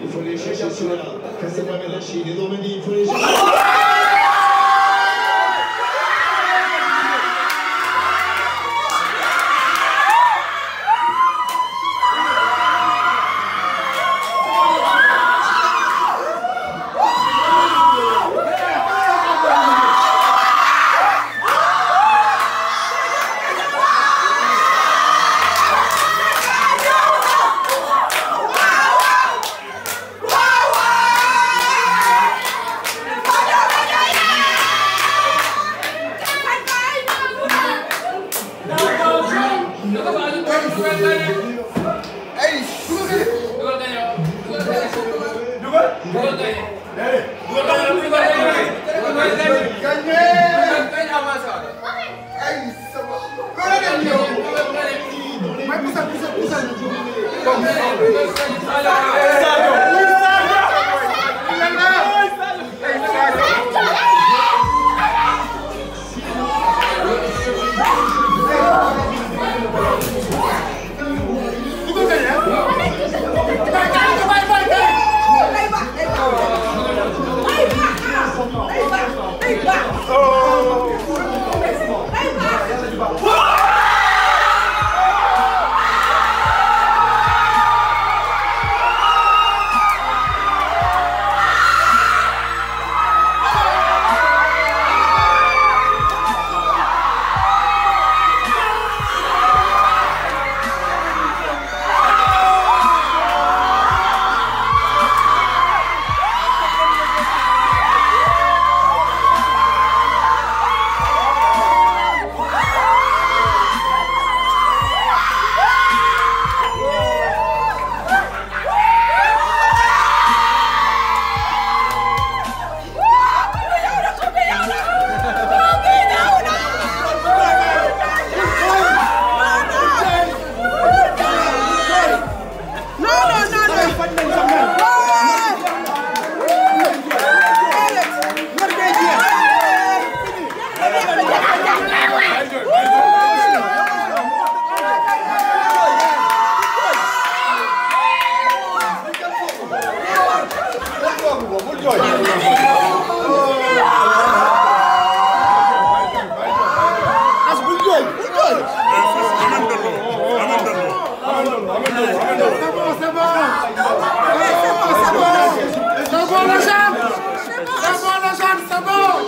Il faut les chercher sur la... Cassez pas Chine il faut les chercher... Thank you.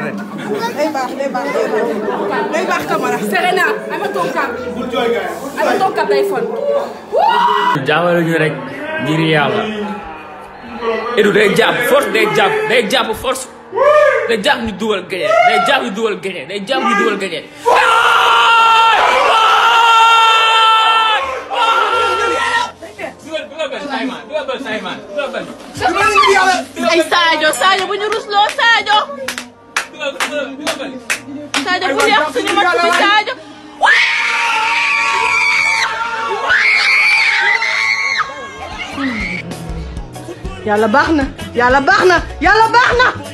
arrête. day baax day baax day baax day baax Camara. Serena ama tonkab. bul jooy gaay ama tonkab day fon. jaamale ñu rek ngir yàlla. Edu day jàpp force day jàpp day jàpp force. day jàpp ñu dugal gañe day jàpp ñu dugal gañe day jàpp ñu dugal gañe yàlla baax na yàlla baax na yàlla baax na